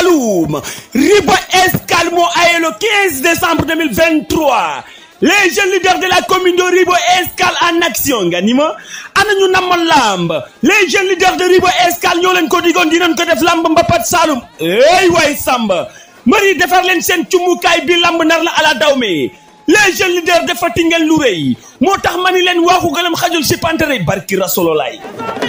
Saloum Ribo Escale moo aye le 15 décembre 2023 les jeunes leaders de la commune de Ribo Escale en action nga ni ma ana ñu namm lamb les jeunes leaders de Ribo Escale ñoo leen ko digoon dinañ ko def lamb mbapat Saloum ey waay Samba mari defar leen seen cumukaay bi lamb nar la ala daw mi les jeunes leaders defati ngeen lu rëy moo tax ma ni leen waaxu gëlëm xajul si pantere barki rasololaay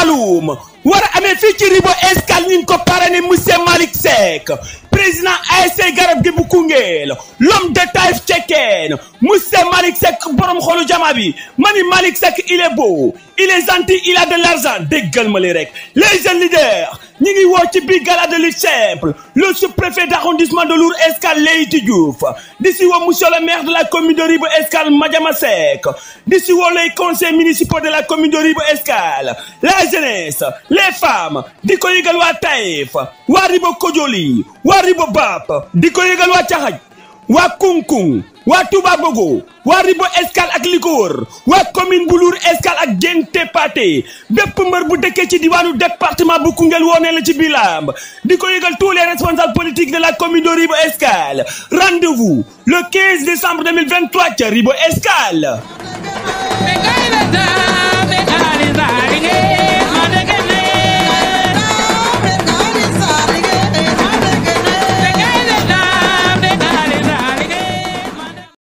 Saloum war a amee fii ci Ribo Escale ñu ngi ko parrainé monsieur Malick Seck président ASC garab gi bu Koungheul l'homme de taille tchekeen monsieur Malick Seck borom xolu jama bi mani Malick Seck il est beau il est gentil il a de l'argent déggal ma les jeunes leaders ñi ngi woo ci biir gala de lutte simple le sous de Lour Escale Leïty Diouf di woo monsieur maire de la commune de Ribot Escale Madiama Seck si woo les conseils municipaux de la commune de Ribot Escale la jeunesse les femmes di ko yëgal waa Taïf waa Ribot Kodioli waa Bap di ko yëgal waa Caxaj waa waa Touba Gogo waa Ribo Escale ak li ko wër waa commune bu Lour Escale ak Génté Pathé bépp mbër bu dëkkee ci diwaanu département bu Koungheul woonee la ci biir làmb di ko yëgal tous les responsables politiques de la commune de Ribo Escale rendez le 15 décembre 2023 ca Ribo Escale